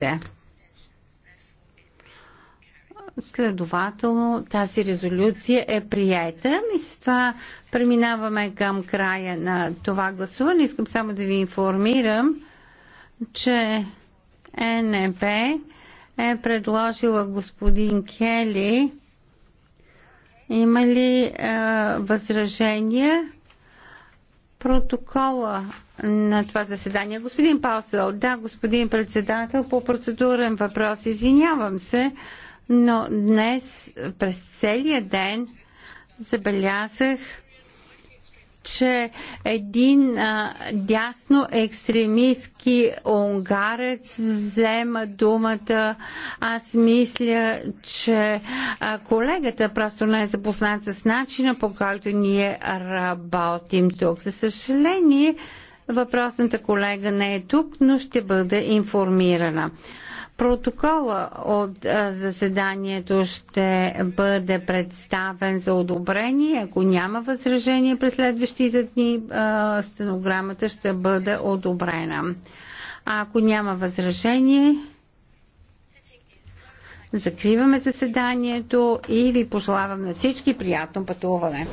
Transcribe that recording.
те. Следователно тази резолюция е приета и с това преминаваме към края на това гласуване. Искам само да ви информирам, че НП е предложила господин Кели. Има ли е, възражения? протокола на това заседание. Господин Паусел, да, господин председател, по процедурен въпрос, извинявам се, но днес през целия ден забелязах че един а, дясно екстремистски унгарец взема думата. Аз мисля, че а, колегата просто не е запознат с начина по който ние работим тук. За съжаление, Въпросната колега не е тук, но ще бъде информирана. Протокола от заседанието ще бъде представен за одобрение. Ако няма възражение през следващите дни, стенограмата ще бъде одобрена. А ако няма възражение, закриваме заседанието и ви пожелавам на всички приятно пътуване.